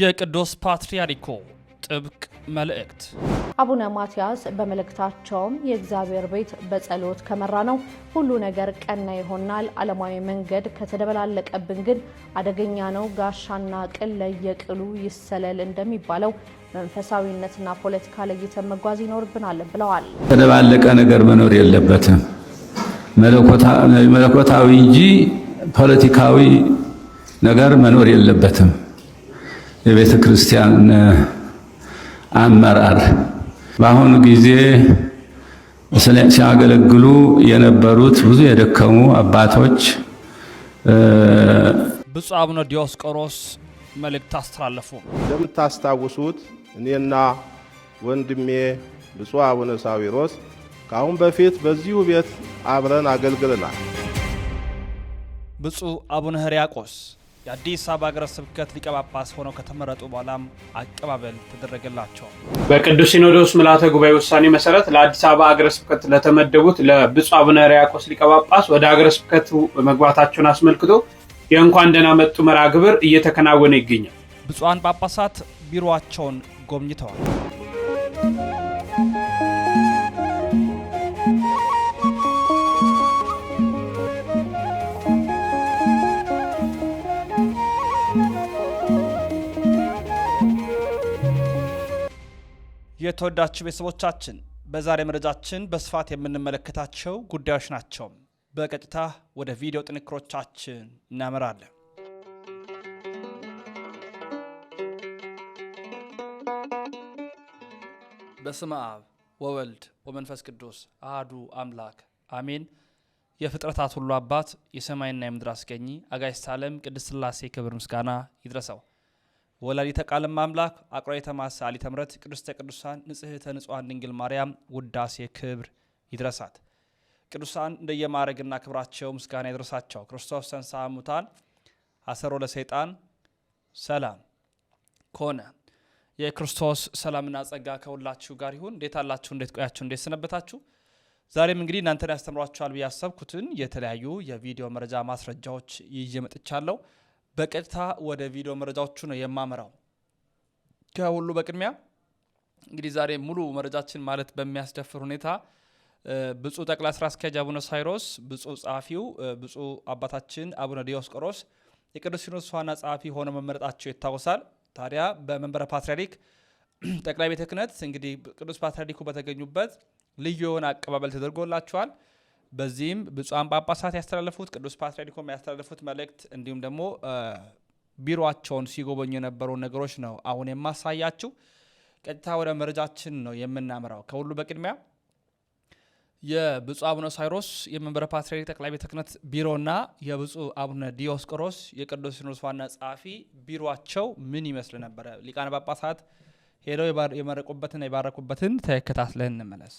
የቅዱስ ፓትርያርኩ ጥብቅ መልእክት። አቡነ ማትያስ በመልእክታቸውም የእግዚአብሔር ቤት በጸሎት ከመራ ነው ሁሉ ነገር ቀና ይሆናል። ዓለማዊ መንገድ ከተደበላለቀብን ግን አደገኛ ነው። ጋሻና ቅል ለየቅሉ ይሰለል እንደሚባለው መንፈሳዊነትና ፖለቲካ ለይተን መጓዝ ይኖርብናል ብለዋል። ተደባለቀ ነገር መኖር የለበትም መለኮታዊ እንጂ ፖለቲካዊ ነገር መኖር የለበትም። የቤተ ክርስቲያን አመራር በአሁኑ ጊዜ ሲያገለግሉ የነበሩት ብዙ የደከሙ አባቶች ብፁዕ አቡነ ዲዮስቆሮስ መልእክት አስተላለፉ። እንደምታስታውሱት እኔና ወንድሜ ብፁዕ አቡነ ሳዊሮስ ከአሁን በፊት በዚሁ ቤት አብረን አገልግለናል። ብፁዕ አቡነ ሕርያቆስ የአዲስ አበባ ሀገረ ስብከት ሊቀ ጳጳስ ሆነው ከተመረጡ በኋላም አቀባበል ተደረገላቸው። በቅዱስ ሲኖዶስ ምልዓተ ጉባኤ ውሳኔ መሰረት ለአዲስ አበባ ሀገረ ስብከት ለተመደቡት ለብፁዕ አቡነ ሕርያቆስ ሊቀ ጳጳስ ወደ ሀገረ ስብከቱ መግባታቸውን አስመልክቶ የእንኳን ደህና መጡ መርሃ ግብር እየተከናወነ ይገኛል። ብፁዓን ጳጳሳት ቢሮቸውን ጎብኝተዋል። የተወዳችሁ ቤተሰቦቻችን በዛሬ መረጃችን በስፋት የምንመለከታቸው ጉዳዮች ናቸው። በቀጥታ ወደ ቪዲዮ ጥንክሮቻችን እናመራለን። በስመ አብ ወወልድ ወመንፈስ ቅዱስ አህዱ አምላክ አሜን። የፍጥረታት ሁሉ አባት የሰማይና የምድር አስገኚ አጋዕዝተ ዓለም ቅድስት ሥላሴ ክብር ምስጋና ይድረሰው። ወላዲተ ቃል አምላክ አቁራይተ ማሳሊተ ምሕረት ቅድስተ ቅዱሳን ንጽህተ ንጹሐን ድንግል ማርያም ውዳሴ ክብር ይድረሳት። ቅዱሳን እንደየማዕረግና ክብራቸው ምስጋና ይድረሳቸው። ክርስቶስ ተንሥአ እሙታን አሰሮ ለሰይጣን ሰላም ኮነ። የክርስቶስ ሰላምና ጸጋ ከሁላችሁ ጋር ይሁን። እንዴት አላችሁ? እንዴት ቆያችሁ? እንዴት ሰነበታችሁ? ዛሬም እንግዲህ እናንተን ያስተምሯችኋል ብዬ ያሰብኩትን የተለያዩ የቪዲዮ መረጃ ማስረጃዎች ይዤ መጥቻለሁ። በቀጥታ ወደ ቪዲዮ መረጃዎቹ ነው የማመራው። ከሁሉ በቅድሚያ እንግዲህ ዛሬ ሙሉ መረጃችን ማለት በሚያስደፍር ሁኔታ ብፁዕ ጠቅላይ ስራ አስኪያጅ አቡነ ሳይሮስ፣ ብፁዕ ጸሐፊው ብፁዕ አባታችን አቡነ ዲዮስቆሮስ የቅዱስ ሲኖዶስ ዋና ጸሐፊ ሆነው መመረጣቸው ይታወሳል። ታዲያ በመንበረ ፓትርያርክ ጠቅላይ ቤተ ክህነት እንግዲህ ቅዱስ ፓትርያርኩ በተገኙበት ልዩ የሆነ አቀባበል ተደርጎላቸዋል። በዚህም ብፁዓን ጳጳሳት ያስተላለፉት ቅዱስ ፓትርያርኩም ያስተላለፉት መልእክት እንዲሁም ደግሞ ቢሮቸውን ሲጎበኙ የነበሩ ነገሮች ነው አሁን የማሳያችው ቀጥታ ወደ መረጃችን ነው የምናምራው። ከሁሉ በቅድሚያ የብፁ አቡነ ሳይሮስ የመንበረ ፓትርያርክ ጠቅላይ ቤተ ክህነት ቢሮና የብፁ አቡነ ዲዮስቆሮስ የቅዱስ ሲኖዶስ ዋና ጸሐፊ ቢሮቸው ምን ይመስል ነበረ? ሊቃነ ጳጳሳት ሄደው የመረቁበትን የባረኩበትን ተከታትለን እንመለስ።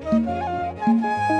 Thank you.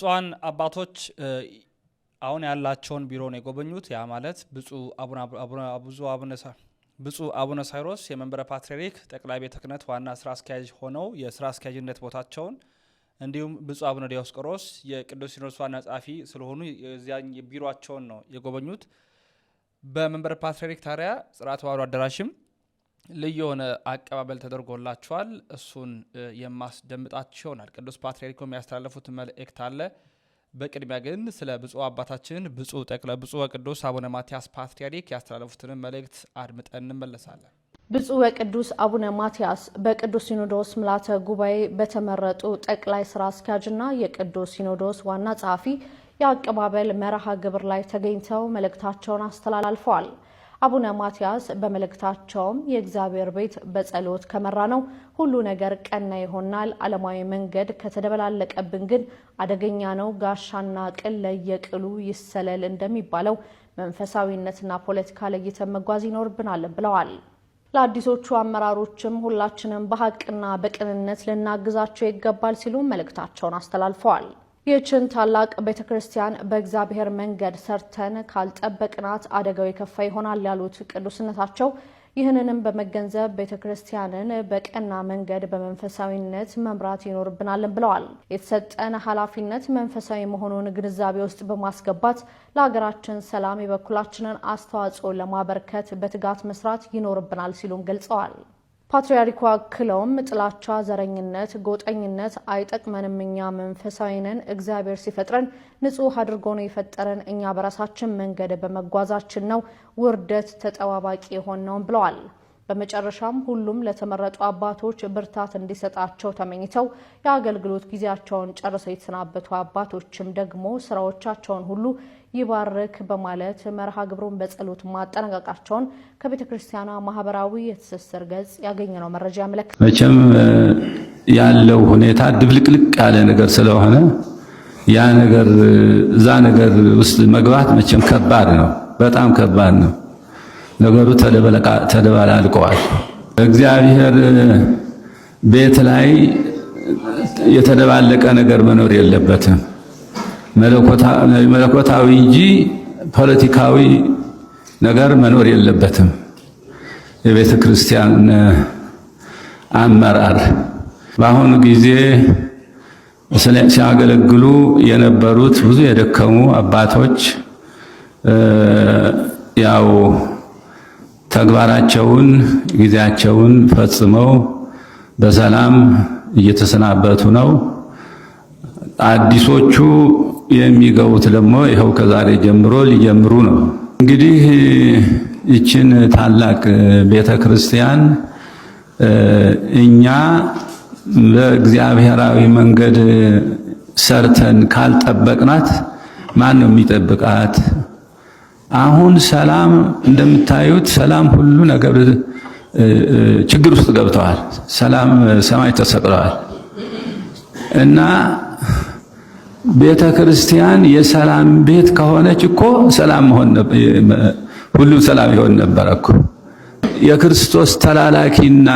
ብፁዓን አባቶች አሁን ያላቸውን ቢሮ ነው የጎበኙት። ያ ማለት ብፁ አቡነ ሳይሮስ የመንበረ ፓትርያርክ ጠቅላይ ቤተ ክህነት ዋና ስራ አስኪያጅ ሆነው የስራ አስኪያጅነት ቦታቸውን እንዲሁም ብፁ አቡነ ዲዮስቆሮስ የቅዱስ ሲኖዶስ ዋና ጸሐፊ ስለሆኑ የዚያን ቢሮቸውን ነው የጎበኙት። በመንበረ ፓትርያርክ ታሪያ ጽርሐ ተዋሕዶ አዳራሽም ልዩ የሆነ አቀባበል ተደርጎላቸዋል። እሱን የማስደምጣቸው ይሆናል። ቅዱስ ፓትርያርኩ የሚያስተላለፉት መልእክት አለ። በቅድሚያ ግን ስለ ብፁዕ አባታችን ብፁዕ ጠቅለ ብፁዕ ወቅዱስ አቡነ ማትያስ ፓትርያርክ ያስተላለፉትን መልእክት አድምጠን እንመለሳለን። ብፁዕ ወቅዱስ አቡነ ማትያስ በቅዱስ ሲኖዶስ ምልዓተ ጉባኤ በተመረጡ ጠቅላይ ስራ አስኪያጅና የቅዱስ ሲኖዶስ ዋና ጸሐፊ የአቀባበል መርሃ ግብር ላይ ተገኝተው መልእክታቸውን አስተላልፈዋል። አቡነ ማትያስ በመልእክታቸውም የእግዚአብሔር ቤት በጸሎት ከመራ ነው ሁሉ ነገር ቀና ይሆናል። ዓለማዊ መንገድ ከተደበላለቀብን ግን አደገኛ ነው። ጋሻና ቅል ለየቅሉ ይሰለል እንደሚባለው መንፈሳዊነትና ፖለቲካ ለይተን መጓዝ ይኖርብናል ብለዋል። ለአዲሶቹ አመራሮችም ሁላችንም በሀቅና በቅንነት ልናግዛቸው ይገባል ሲሉ መልእክታቸውን አስተላልፈዋል። ይህችን ታላቅ ቤተ ክርስቲያን በእግዚአብሔር መንገድ ሰርተን ካልጠበቅናት አደጋው የከፋ ይሆናል ያሉት ቅዱስነታቸው ይህንንም በመገንዘብ ቤተ ክርስቲያንን በቀና መንገድ በመንፈሳዊነት መምራት ይኖርብናልን ብለዋል። የተሰጠን ኃላፊነት መንፈሳዊ መሆኑን ግንዛቤ ውስጥ በማስገባት ለሀገራችን ሰላም የበኩላችንን አስተዋጽኦ ለማበርከት በትጋት መስራት ይኖርብናል ሲሉም ገልጸዋል። ፓትርያርኩ አክለውም ጥላቻ፣ ዘረኝነት፣ ጎጠኝነት አይጠቅመንም። እኛ መንፈሳዊ ነን። እግዚአብሔር ሲፈጥረን ንጹህ አድርጎ ነው የፈጠረን። እኛ በራሳችን መንገድ በመጓዛችን ነው ውርደት ተጠባባቂ ነውም ብለዋል። በመጨረሻም ሁሉም ለተመረጡ አባቶች ብርታት እንዲሰጣቸው ተመኝተው የአገልግሎት ጊዜያቸውን ጨርሰው የተሰናበቱ አባቶችም ደግሞ ስራዎቻቸውን ሁሉ ይባርክ በማለት መርሃ ግብሩን በጸሎት ማጠናቀቃቸውን ከቤተ ክርስቲያኗ ማህበራዊ የትስስር ገጽ ያገኘነው መረጃ ያመለክ መቼም ያለው ሁኔታ ድብልቅልቅ ያለ ነገር ስለሆነ ያ ነገር እዛ ነገር ውስጥ መግባት መቼም ከባድ ነው፣ በጣም ከባድ ነው። ነገሩ ተደበላልቀዋል። እግዚአብሔር ቤት ላይ የተደባለቀ ነገር መኖር የለበትም። መለኮታዊ እንጂ ፖለቲካዊ ነገር መኖር የለበትም። የቤተ ክርስቲያን አመራር በአሁኑ ጊዜ ሲያገለግሉ የነበሩት ብዙ የደከሙ አባቶች ያው ተግባራቸውን ጊዜያቸውን ፈጽመው በሰላም እየተሰናበቱ ነው። አዲሶቹ የሚገቡት ደግሞ ይኸው ከዛሬ ጀምሮ ሊጀምሩ ነው። እንግዲህ ይችን ታላቅ ቤተ ክርስቲያን እኛ በእግዚአብሔራዊ መንገድ ሰርተን ካልጠበቅናት ማን ነው የሚጠብቃት? አሁን ሰላም እንደምታዩት ሰላም ሁሉ ነገር ችግር ውስጥ ገብተዋል። ሰላም ሰማይ ተሰቅለዋል እና ቤተ ክርስቲያን የሰላም ቤት ከሆነች እኮ ሰላም መሆን ሁሉም ሰላም ይሆን ነበር እኮ። የክርስቶስ ተላላኪና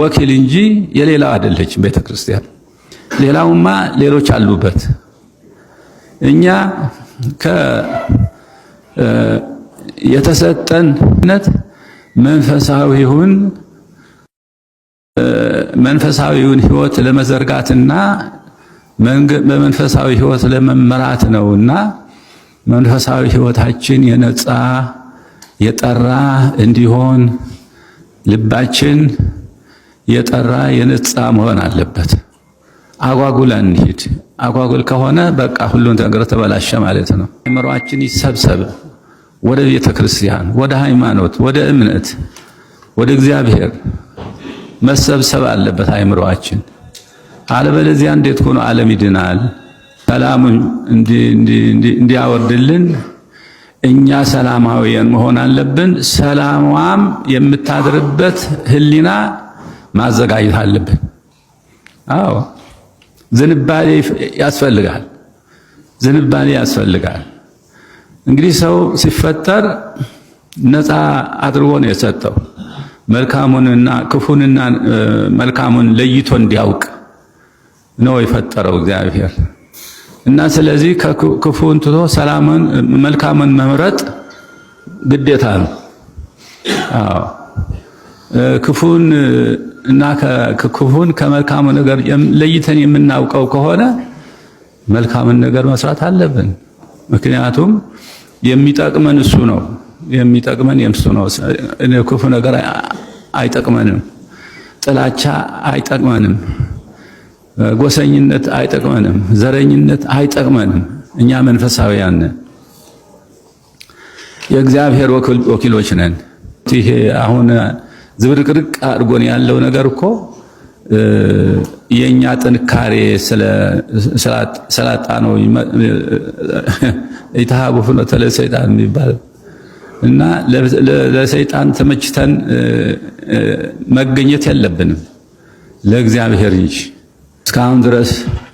ወኪል እንጂ የሌላው አይደለችም ቤተ ክርስቲያን። ሌላውማ ሌሎች አሉበት እኛ የተሰጠን ነት መንፈሳዊውን መንፈሳዊውን ህይወት ለመዘርጋትና በመንፈሳዊ ህይወት ለመመራት ነውና መንፈሳዊ ህይወታችን የነጻ የጠራ እንዲሆን ልባችን የጠራ የነጻ መሆን አለበት። አጓጉል አንሂድ። አጓጉል ከሆነ በቃ ሁሉን ነገር ተበላሸ ማለት ነው። አእምሯችን ይሰብሰብ። ወደ ቤተ ክርስቲያን፣ ወደ ሃይማኖት፣ ወደ እምነት፣ ወደ እግዚአብሔር መሰብሰብ አለበት አእምሮአችን። አለበለዚያ እንዴት ሆኖ ዓለም ይድናል? ሰላም እንዲያወርድልን እኛ ሰላማዊያን መሆን አለብን። ሰላሟም የምታድርበት ህሊና ማዘጋጀት አለብን። አዎ ዝንባሌ ያስፈልጋል። ዝንባሌ ያስፈልጋል። እንግዲህ ሰው ሲፈጠር ነፃ አድርጎ ነው የሰጠው መልካሙንና ክፉንና መልካሙን ለይቶ እንዲያውቅ ነው የፈጠረው እግዚአብሔር እና ስለዚህ ክፉን ትቶ ሰላምን መልካምን መምረጥ ግዴታ ነው። አዎ ክፉን እና ክፉን ከመልካሙ ነገር ለይተን የምናውቀው ከሆነ መልካምን ነገር መስራት አለብን። ምክንያቱም የሚጠቅመን እሱ ነው። የሚጠቅመን የምሱ ነው። ክፉ ነገር አይጠቅመንም። ጥላቻ አይጠቅመንም። ጎሰኝነት አይጠቅመንም። ዘረኝነት አይጠቅመንም። እኛ መንፈሳዊያን ነን፣ የእግዚአብሔር ወኪሎች ነን። ይሄ አሁን ዝብርቅርቅ አድርጎን ያለው ነገር እኮ የኛ ጥንካሬ ስላጣ ነው። ኢትሃቡ ፍኖተ ለሰይጣን የሚባል እና ለሰይጣን ተመችተን መገኘት የለብንም ለእግዚአብሔር እንጂ። እስካሁን ድረስ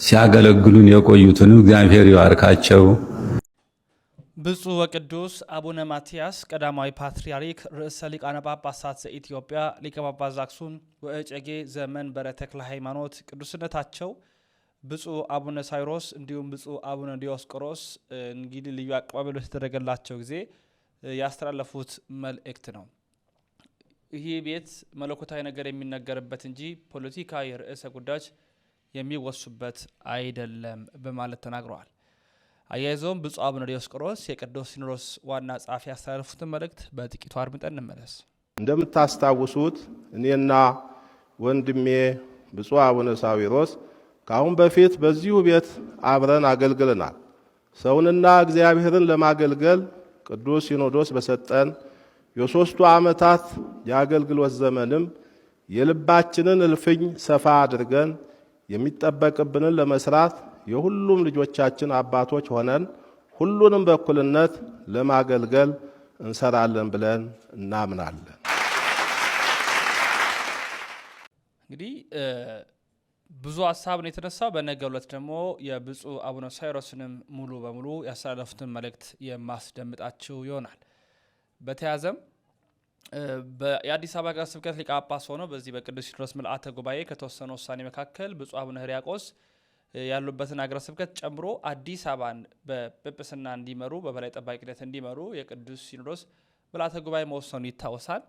ሲያገለግሉን የቆዩትንም እግዚአብሔር ይባርካቸው። ብፁዕ ወቅዱስ አቡነ ማትያስ ቀዳማዊ ፓትርያርክ ርዕሰ ሊቃነ ጳጳሳት ዘኢትዮጵያ ሊቀ ጳጳስ ዘአክሱም ወእጨጌ ዘመንበረ ተክለ ሃይማኖት ቅዱስነታቸው ብፁዕ አቡነ ሳይሮስ እንዲሁም ብፁዕ አቡነ ዲዮስቆሮስ እንግዲህ ልዩ አቀባበል በተደረገላቸው ጊዜ ያስተላለፉት መልእክት ነው። ይህ ቤት መለኮታዊ ነገር የሚነገርበት እንጂ ፖለቲካዊ ርዕሰ ጉዳዮች የሚወሱበት አይደለም በማለት ተናግረዋል። አያይዘውም ብፁዕ አቡነ ዲዮስቆሮስ የቅዱስ ሲኖዶስ ዋና ጸሐፊ ያስተላለፉትን መልእክት በጥቂቱ አድምጠን እንመለስ። እንደምታስታውሱት እኔና ወንድሜ ብፁዕ አቡነ ሳዊሮስ ከአሁን በፊት በዚሁ ቤት አብረን አገልግለናል። ሰውንና እግዚአብሔርን ለማገልገል ቅዱስ ሲኖዶስ በሰጠን የሦስቱ ዓመታት የአገልግሎት ዘመንም የልባችንን እልፍኝ ሰፋ አድርገን የሚጠበቅብንን ለመስራት የሁሉም ልጆቻችን አባቶች ሆነን ሁሉንም በእኩልነት ለማገልገል እንሰራለን ብለን እናምናለን። እንግዲህ ብዙ ሀሳብ ነው የተነሳው። በነገ ዕለት ደግሞ የብፁዕ አቡነ ሳይሮስንም ሙሉ በሙሉ ያስተላለፉትን መልእክት የማስደምጣችው ይሆናል። በተያዘም የአዲስ አበባ ሀገረ ስብከት ሊቀ ጳጳስ ሆነው በዚህ በቅዱስ ሲኖዶስ ምልአተ ጉባኤ ከተወሰነ ውሳኔ መካከል ብፁዕ አቡነ ሕርያቆስ ያሉበትን አገረ ስብከት ጨምሮ አዲስ አበባን በጵጵስና እንዲመሩ በበላይ ጠባቂነት እንዲመሩ የቅዱስ ሲኖዶስ ምልዓተ ጉባኤ መወሰኑ ይታወሳል።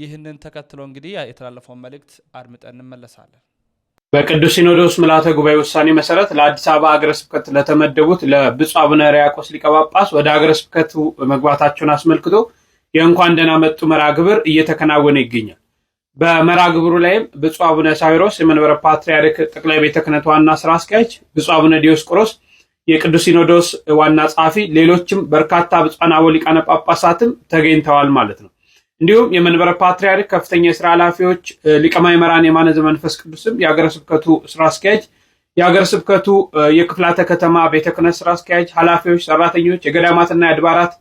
ይህንን ተከትሎ እንግዲህ የተላለፈውን መልእክት አድምጠን እንመለሳለን። በቅዱስ ሲኖዶስ ምልዓተ ጉባኤ ውሳኔ መሰረት ለአዲስ አበባ አገረ ስብከት ለተመደቡት ለብፁዕ አቡነ ሕርያቆስ ሊቀ ጳጳስ ወደ አገረ ስብከቱ መግባታቸውን አስመልክቶ የእንኳን ደህና መጡ መራግብር ግብር እየተከናወነ ይገኛል። በመርሃ ግብሩ ላይም ብፁዕ አቡነ ሳዊሮስ የመንበረ ፓትርያርክ ጠቅላይ ቤተ ክህነት ዋና ስራ አስኪያጅ፣ ብፁዕ አቡነ ዲዮስቆሮስ የቅዱስ ሲኖዶስ ዋና ጸሐፊ፣ ሌሎችም በርካታ ብፁዓን አበው ሊቃነ ጳጳሳትም ተገኝተዋል ማለት ነው። እንዲሁም የመንበረ ፓትርያርክ ከፍተኛ የስራ ኃላፊዎች፣ ሊቀ ማእምራን የማነ ዘመንፈስ ቅዱስም የሀገረ ስብከቱ ስራ አስኪያጅ፣ የሀገረ ስብከቱ የክፍላተ ከተማ ቤተ ክህነት ስራ አስኪያጅ፣ ኃላፊዎች፣ ሰራተኞች፣ የገዳማትና የአድባራት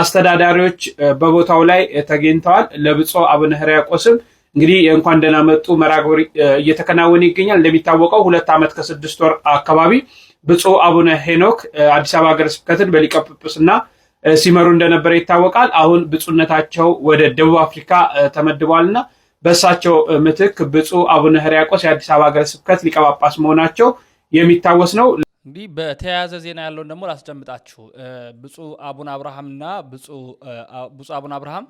አስተዳዳሪዎች በቦታው ላይ ተገኝተዋል። ለብፁዕ አቡነ ሕርያቆስም እንግዲህ የእንኳን ደህና መጡ መራጎሪ እየተከናወነ ይገኛል። እንደሚታወቀው ሁለት ዓመት ከስድስት ወር አካባቢ ብፁዕ አቡነ ሄኖክ አዲስ አበባ ሀገረ ስብከትን በሊቀ ጵጵስና ሲመሩ እንደነበረ ይታወቃል። አሁን ብፁዕነታቸው ወደ ደቡብ አፍሪካ ተመድበዋልና በእሳቸው ምትክ ብፁዕ አቡነ ሕርያቆስ የአዲስ አበባ ሀገረ ስብከት ሊቀ ጳጳስ መሆናቸው የሚታወስ ነው። እንግዲህ በተያያዘ ዜና ያለውን ደግሞ ላስደምጣችሁ። ብፁዕ አቡነ አብርሃምና ብፁዕ አቡነ አብርሃም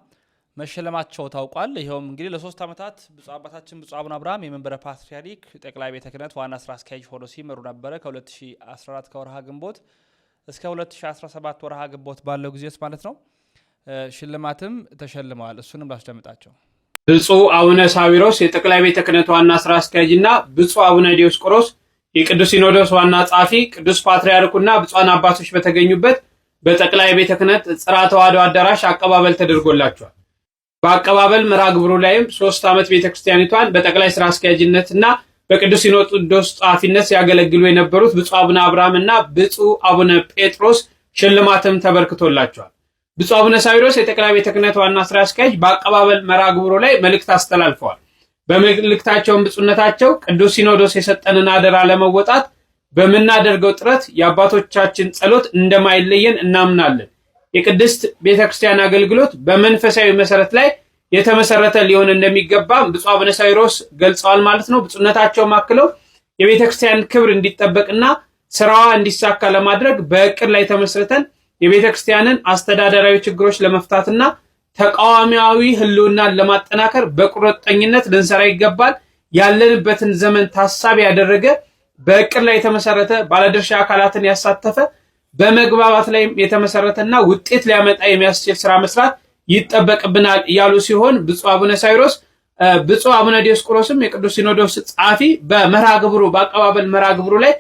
መሸለማቸው ታውቋል። ይኸውም እንግዲህ ለሶስት ዓመታት ብፁ አባታችን ብፁ አቡነ አብርሃም የመንበረ ፓትርያርክ ጠቅላይ ቤተ ክህነት ዋና ስራ አስኪያጅ ሆኖ ሲመሩ ነበረ ከ2014 ከወርሃ ግንቦት እስከ 2017 ወርሃ ግንቦት ባለው ጊዜ ውስጥ ማለት ነው። ሽልማትም ተሸልመዋል። እሱንም ላስደምጣቸው። ብፁ አቡነ ሳዊሮስ የጠቅላይ ቤተ ክህነት ዋና ስራ አስኪያጅ እና ብፁ አቡነ ዲዮስቆሮስ የቅዱስ ሲኖዶስ ዋና ጸሐፊ ቅዱስ ፓትርያርኩና ብፁዓን አባቶች በተገኙበት በጠቅላይ ቤተ ክህነት ጽርሐ ተዋሕዶ አዳራሽ አቀባበል ተደርጎላቸዋል። በአቀባበል መርሃ ግብሩ ላይም ሶስት ዓመት ቤተክርስቲያኒቷን በጠቅላይ ስራ አስኪያጅነትና በቅዱስ ሲኖዶስ ጸሐፊነት ሲያገለግሉ የነበሩት ብፁ አቡነ አብርሃም እና ብፁ አቡነ ጴጥሮስ ሽልማትም ተበርክቶላቸዋል። ብፁ አቡነ ሳዊሮስ የጠቅላይ ቤተ ክህነት ዋና ስራ አስኪያጅ በአቀባበል መርሃ ግብሩ ላይ መልእክት አስተላልፈዋል። በመልእክታቸውን ብፁነታቸው ቅዱስ ሲኖዶስ የሰጠንን አደራ ለመወጣት በምናደርገው ጥረት የአባቶቻችን ጸሎት እንደማይለየን እናምናለን የቅድስት ቤተክርስቲያን አገልግሎት በመንፈሳዊ መሰረት ላይ የተመሰረተ ሊሆን እንደሚገባ ብፁዕ አቡነ ሳዊሮስ ገልጸዋል ማለት ነው። ብፁዕነታቸውም አክለው ክርስቲያን ክብር እንዲጠበቅና ስራዋ እንዲሳካ ለማድረግ በእቅድ ላይ ተመስርተን የቤተክርስቲያንን አስተዳደራዊ ችግሮች ለመፍታትና ተቃዋሚያዊ ህልውናን ለማጠናከር በቁርጠኝነት ልንሰራ ይገባል። ያለንበትን ዘመን ታሳቢ ያደረገ በእቅድ ላይ የተመሰረተ ባለድርሻ አካላትን ያሳተፈ በመግባባት ላይ የተመሰረተና ውጤት ሊያመጣ የሚያስችል ስራ መስራት ይጠበቅብናል እያሉ ሲሆን ብፁዕ አቡነ ሳይሮስ ብፁዕ አቡነ ዲዮስቆሮስም የቅዱስ ሲኖዶስ ጸሐፊ በመርሃ ግብሩ በአቀባበል መርሃ ግብሩ ላይ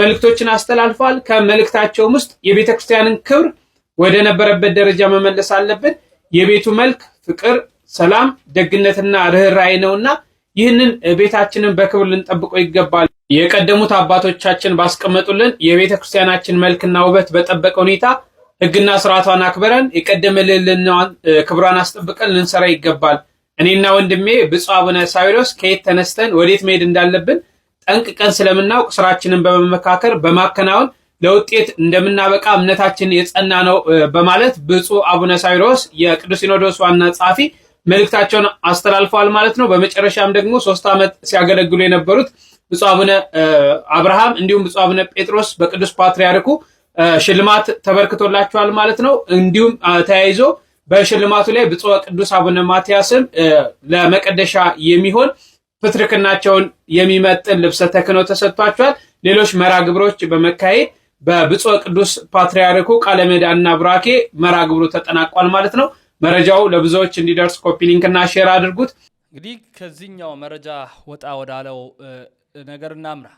መልእክቶችን አስተላልፈዋል። ከመልእክታቸውም ውስጥ የቤተ ክርስቲያንን ክብር ወደ ነበረበት ደረጃ መመለስ አለብን። የቤቱ መልክ ፍቅር፣ ሰላም፣ ደግነትና ርኅራኄ ነውና ይህንን ቤታችንን በክብር ልንጠብቀው ይገባል። የቀደሙት አባቶቻችን ባስቀመጡልን የቤተ ክርስቲያናችን መልክና ውበት በጠበቀ ሁኔታ ሕግና ስርዓቷን አክብረን የቀደመ ክብሯን አስጠብቀን ልንሰራ ይገባል። እኔና ወንድሜ ብፁዕ አቡነ ሳዊሮስ ከየት ተነስተን ወዴት መሄድ እንዳለብን ጠንቅቀን ስለምናውቅ ስራችንን በመመካከር በማከናወን ለውጤት እንደምናበቃ እምነታችን የጸና ነው በማለት ብፁዕ አቡነ ሳዊሮስ የቅዱስ ሲኖዶስ ዋና ጸሐፊ መልእክታቸውን አስተላልፈዋል ማለት ነው። በመጨረሻም ደግሞ ሶስት ዓመት ሲያገለግሉ የነበሩት ብፁዕ አቡነ አብርሃም እንዲሁም ብፁዕ አቡነ ጴጥሮስ በቅዱስ ፓትርያርኩ ሽልማት ተበርክቶላቸዋል ማለት ነው። እንዲሁም ተያይዞ በሽልማቱ ላይ ብፁዕ ቅዱስ አቡነ ማትያስም ለመቀደሻ የሚሆን ፍትርክናቸውን የሚመጥን ልብሰ ተክህኖ ተሰጥቷቸዋል። ሌሎች መርሃ ግብሮች በመካሄድ በብፁዕ ቅዱስ ፓትርያርኩ ቃለ ምዕዳንና ቡራኬ ግብሩ ተጠናቋል ማለት ነው። መረጃው ለብዙዎች እንዲደርስ ኮፒ ሊንክ እና ሼር አድርጉት። እንግዲህ ከዚህኛው መረጃ ወጣ ወዳለው ነገር እናምራ።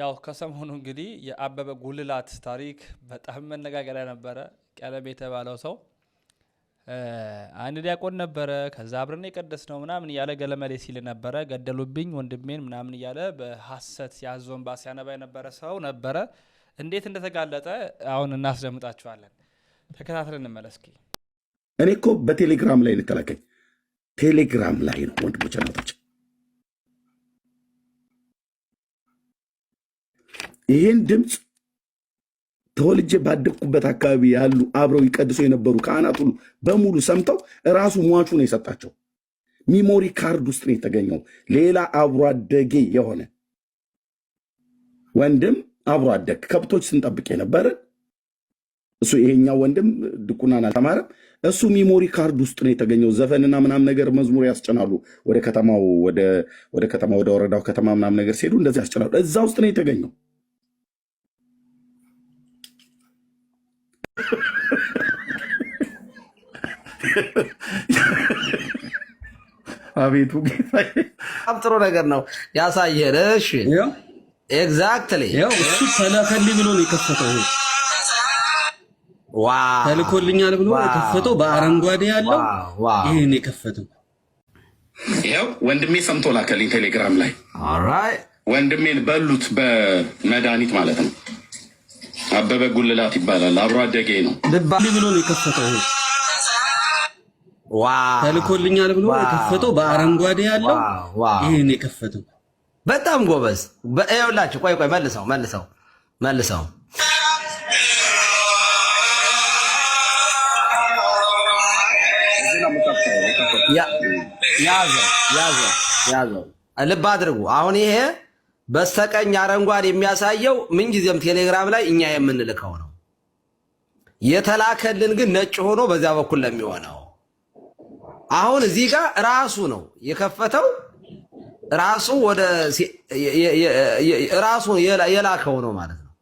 ያው ከሰሞኑ እንግዲህ የአበበ ጉልላት ታሪክ በጣም መነጋገሪያ ነበረ። ቀለም የተባለው ሰው አንድ ዲያቆን ነበረ። ከዛ አብረን የቀደስ ነው ምናምን እያለ ገለመሌ ሲል ነበረ። ገደሉብኝ ወንድሜን ምናምን እያለ በሀሰት ባስ ያነባ የነበረ ሰው ነበረ። እንዴት እንደተጋለጠ አሁን እናስደምጣችኋለን። ተከታትለን እንመለስ። እኔ እኮ በቴሌግራም ላይ ልተላከኝ ቴሌግራም ላይ ነው ወንድሞች ናቶች ይህን ድምፅ ተወልጄ ባደግኩበት አካባቢ ያሉ አብረው ይቀድሶ የነበሩ ካህናት ሁሉ በሙሉ ሰምተው እራሱ ሟቹ ነው የሰጣቸው። ሚሞሪ ካርድ ውስጥ ነው የተገኘው። ሌላ አብሮ አደጌ የሆነ ወንድም አብሮ አደግ ከብቶች ስንጠብቅ የነበርን እሱ ይሄኛው ወንድም ድቁናን አልተማረም። እሱ ሚሞሪ ካርድ ውስጥ ነው የተገኘው። ዘፈንና ምናም ነገር መዝሙር ያስጭናሉ። ወደ ከተማው ወደ ከተማ ወደ ወረዳው ከተማ ምናም ነገር ሲሄዱ እንደዚህ ያስጭናሉ። እዛ ውስጥ ነው የተገኘው። አቤቱ ጌታ ጥሩ ነገር ነው ያሳየን። እሺ ኤግዛክትሊ እሱ ብሎ ነው የከፈተው። ተልኮልኛል ብሎ የከፈተው በአረንጓዴ ያለው ይህን የከፈተው ይኸው ወንድሜ ሰምቶ ላከልኝ ቴሌግራም ላይ ወንድሜን በሉት በመድኃኒት ማለት ነው። አበበ ጉልላት ይባላል። አብሮ አደጌ ነው። ብሎ ነው የከፈተው። ተልኮልኛል ብሎ የከፈተው በአረንጓዴ ያለው ይህን የከፈተው በጣም ጎበዝ። ይኸውላችሁ ቆይ ቆይ መልሰው መልሰው መልሰው ያዘው ያዘው ያዘው። ልብ አድርጉ። አሁን ይሄ በስተቀኝ አረንጓዴ የሚያሳየው ምንጊዜም ቴሌግራም ላይ እኛ የምንልከው ነው። የተላከልን ግን ነጭ ሆኖ በዚያ በኩል ለሚሆነው አሁን እዚህ ጋር ራሱ ነው የከፈተው ራሱ ወደ ራሱ የላከው ነው ማለት ነው።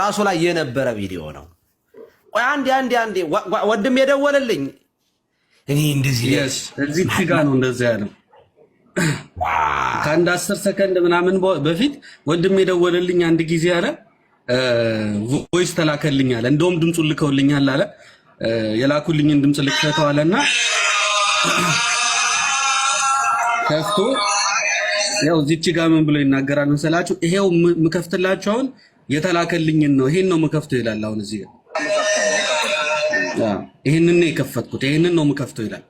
ራሱ ላይ የነበረ ቪዲዮ ነው። አንድ አንድ አንድ ወንድም የደወለልኝ እኔ እንደዚህ እዚህ ጋ ነው እንደዛ ያለው። ከአንድ አስር ሰከንድ ምናምን በፊት ወንድም የደወለልኝ አንድ ጊዜ አለ፣ ቮይስ ተላከልኝ አለ። እንደውም ድምፁ ልከውልኛል አለ። የላኩልኝን ድምፅ ልክተተዋለና ከፍቶ ያው እዚች ጋ ምን ብሎ ይናገራል መሰላችሁ? ይሄው ምከፍትላችሁ አሁን የተላከልኝን ነው፣ ይሄን ነው ምከፍቶ ይላል። አሁን እዚህ ጋር ይህንን ነው የከፈትኩት፣ ይህንን ነው የምከፍተው ይላል።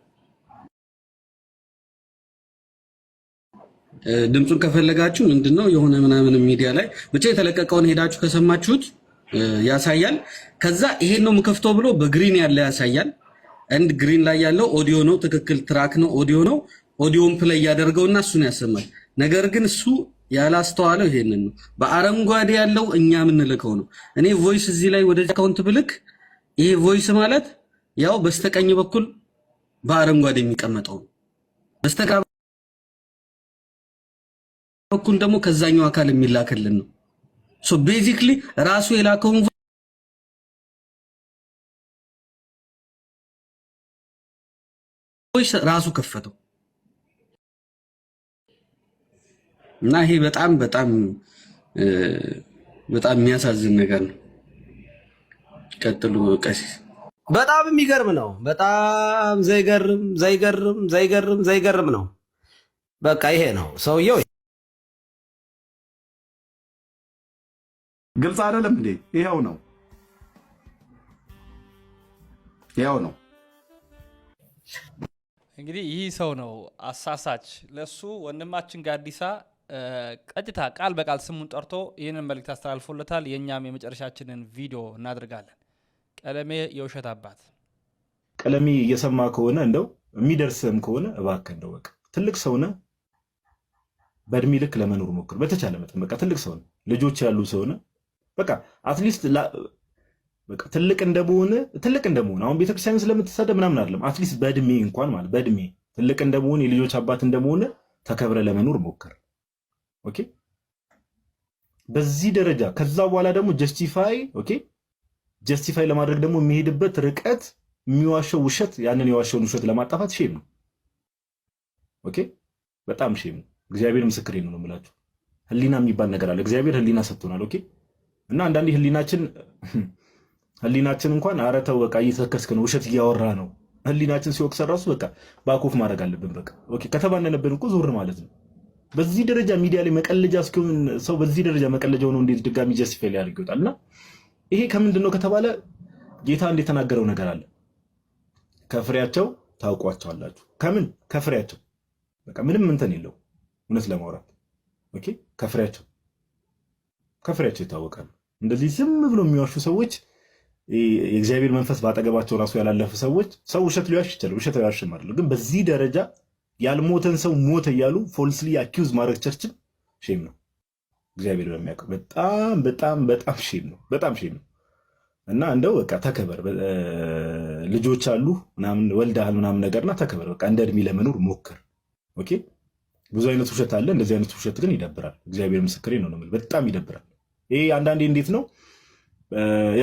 ድምፁን ከፈለጋችሁ ምንድን ነው የሆነ ምናምን ሚዲያ ላይ ብቻ የተለቀቀውን ሄዳችሁ ከሰማችሁት ያሳያል። ከዛ ይሄን ነው የምከፍተው ብሎ በግሪን ያለ ያሳያል። እንድ ግሪን ላይ ያለው ኦዲዮ ነው፣ ትክክል ትራክ ነው፣ ኦዲዮ ነው። ኦዲዮን ፕለይ ያደርገውና እሱን ያሰማል። ነገር ግን እሱ ያላስተዋለው ይሄንን ነው። በአረንጓዴ ያለው እኛ የምንልከው ነው። እኔ ቮይስ እዚህ ላይ ወደ አካውንት ብልክ ይህ ቮይስ ማለት ያው በስተቀኝ በኩል በአረንጓዴ የሚቀመጠው በስተቃ በኩል ደግሞ ከዛኛው አካል የሚላክልን ነው። ሶ ቤዚክሊ ራሱ የላከውን ቮይስ ራሱ ከፈተው እና ይሄ በጣም በጣም በጣም የሚያሳዝን ነገር ነው። ቀጥሉ ቀሲስ። በጣም የሚገርም ነው። በጣም ዘይገርም ዘይገርም ዘይገርም ዘይገርም ነው። በቃ ይሄ ነው ሰውየው። ግልጽ አይደለም እንዴ? ይኸው ነው ይኸው ነው። እንግዲህ ይህ ሰው ነው አሳሳች። ለሱ ወንድማችን ጋዲሳ ቀጥታ ቃል በቃል ስሙን ጠርቶ ይህንን መልእክት አስተላልፎለታል። የእኛም የመጨረሻችንን ቪዲዮ እናደርጋለን። ቀለሜ የውሸት አባት ቀለሜ እየሰማ ከሆነ እንደው የሚደርስም ከሆነ እባክህ እንደው በቃ ትልቅ ሰው በእድሜ ልክ ለመኖር ሞክር በተቻለ መጠን። በቃ ትልቅ ሰውነ ልጆች ያሉ ሰውነ በቃ አትሊስት በቃ ትልቅ እንደመሆነ ትልቅ እንደመሆነ አሁን ቤተክርስቲያን ስለምትሰደ ምናምን አይደለም። አትሊስት በእድሜ እንኳን ማለት በእድሜ ትልቅ እንደመሆን የልጆች አባት እንደመሆነ ተከብረ ለመኖር ሞክር። ኦኬ፣ በዚህ ደረጃ ከዛ በኋላ ደግሞ ጀስቲፋይ ኦኬ ጀስቲፋይ ለማድረግ ደግሞ የሚሄድበት ርቀት የሚዋሸው ውሸት ያንን የዋሸውን ውሸት ለማጣፋት ሼም ነው። ኦኬ በጣም ሼም ነው። እግዚአብሔር ምስክሬ ነው ነው የምላችሁ። ህሊና የሚባል ነገር አለ። እግዚአብሔር ህሊና ሰጥቶናል። ኦኬ እና አንዳንዴ ህሊናችን ህሊናችን እንኳን አረ ተው በቃ እየተከስክ ነው ውሸት እያወራ ነው ህሊናችን ሲወቅሰ ራሱ በቃ በአኮፍ ማድረግ አለብን። በቃ ከተባነነብን እኮ ዞር ማለት ነው። በዚህ ደረጃ ሚዲያ ላይ መቀለጃ እስኪሆን ሰው በዚህ ደረጃ መቀለጃ ሆኖ እንዴት ድጋሚ ጀስቲፋይ ሊያደርግ ይወጣል እና ይሄ ከምንድን ነው ከተባለ ጌታ እንደተናገረው ነገር አለ። ከፍሬያቸው ታውቋቸዋላችሁ። ከምን ከፍሬያቸው? በቃ ምንም እንትን የለው እውነት ለማውራት ኦኬ። ከፍሬያቸው ከፍሬያቸው ይታወቃሉ። እንደዚህ ዝም ብሎ የሚዋሹ ሰዎች፣ የእግዚአብሔር መንፈስ በአጠገባቸው ራሱ ያላለፉ ሰዎች፣ ሰው ውሸት ሊዋሽ ይችላል፣ ውሸት ሊዋሽም አይደለም። ግን በዚህ ደረጃ ያልሞተን ሰው ሞተ እያሉ ፎልስሊ አኪውዝ ማድረግ ቸርችን ሼም ነው። እግዚአብሔር በሚያውቀው በጣም በጣም በጣም ሼም ነው፣ በጣም ሼም ነው። እና እንደው በቃ ተከበር፣ ልጆች አሉ ምናምን ወልደሃል ምናምን ነገርና ተከበር፣ በቃ እንደ እድሜ ለመኖር ሞክር። ኦኬ ብዙ አይነት ውሸት አለ። እንደዚህ አይነት ውሸት ግን ይደብራል። እግዚአብሔር ምስክሬ ነው ነው በጣም ይደብራል። ይሄ አንዳንዴ እንዴት ነው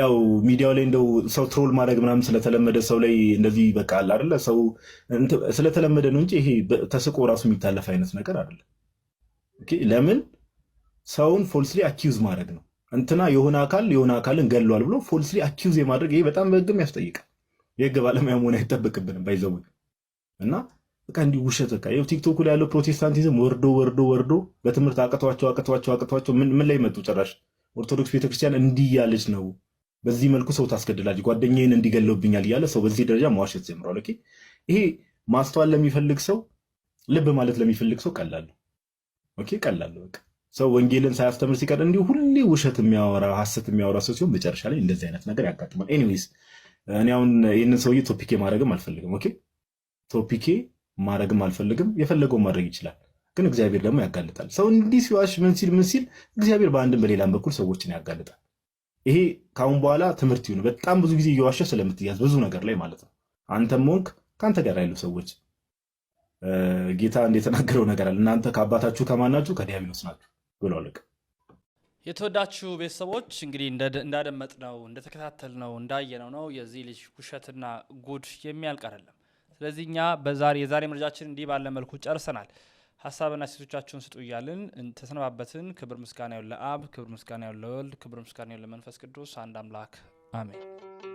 ያው ሚዲያው ላይ እንደው ሰው ትሮል ማድረግ ምናምን ስለተለመደ ሰው ላይ እንደዚህ በቃ አለ አይደለ? ሰው ስለተለመደ ነው እንጂ ይሄ ተስቆ ራሱ የሚታለፍ አይነት ነገር አይደለ። ለምን ሰውን ፎልስሊ አኪዩዝ ማድረግ ነው። እንትና የሆነ አካል የሆነ አካልን ገሏል ብሎ ፎልስሊ አኪዝ የማድረግ ይሄ በጣም በህግም ያስጠይቃል። የህግ ባለሙያ መሆን አይጠበቅብንም። ባይዘው እና በቃ እንዲህ ውሸት በቃ ይኸው ቲክቶክ ላይ ያለው ፕሮቴስታንቲዝም ወርዶ ወርዶ ወርዶ በትምህርት አቅቷቸው አቅቷቸው አቅቷቸው ምን ላይ መጡ? ጭራሽ ኦርቶዶክስ ቤተክርስቲያን እንዲህ እያለች ነው፣ በዚህ መልኩ ሰው ታስገድላለች፣ ጓደኛዬን እንዲገለውብኛል እያለ ሰው በዚህ ደረጃ መዋሸት ጀምረዋል። ይሄ ማስተዋል ለሚፈልግ ሰው ልብ ማለት ለሚፈልግ ሰው ቀላል ነው። ቀላል ነው በቃ ሰው ወንጌልን ሳያስተምር ሲቀር እንዲሁ ሁሌ ውሸት የሚያወራ ሀሰት የሚያወራ ሰው ሲሆን መጨረሻ ላይ እንደዚህ አይነት ነገር ያጋጥማል። ኤኒዌይስ እኔ አሁን ይህንን ሰውዬ ቶፒኬ ማድረግም አልፈልግም። ኦኬ ቶፒኬ ማድረግም አልፈልግም። የፈለገው ማድረግ ይችላል፣ ግን እግዚአብሔር ደግሞ ያጋልጣል። ሰው እንዲህ ሲዋሽ ምን ሲል ምን ሲል እግዚአብሔር በአንድም በሌላም በኩል ሰዎችን ያጋልጣል። ይሄ ከአሁን በኋላ ትምህርት ይሁን። በጣም ብዙ ጊዜ እየዋሸ ስለምትያዝ ብዙ ነገር ላይ ማለት ነው። አንተም ሆንክ ከአንተ ጋር ያሉ ሰዎች ጌታ እንደተናገረው ነገር አለ። እናንተ ከአባታችሁ ከማናችሁ ከዲያብሎስ ናችሁ ብሎ ልቅ የተወዳችሁ ቤተሰቦች እንግዲህ እንዳደመጥ ነው እንደተከታተል ነው የዚህ ልጅ ውሸትና ጉድ የሚያልቅ አይደለም። ስለዚህ እኛ በዛሬ የዛሬ መረጃችን እንዲህ ባለ መልኩ ጨርሰናል። ሀሳብና ሴቶቻችሁን ስጡ እያልን ተሰነባበትን። ክብር ምስጋና ለአብ፣ ክብር ምስጋና ለወልድ፣ ክብር ምስጋና ለመንፈስ ቅዱስ አንድ አምላክ አሜን።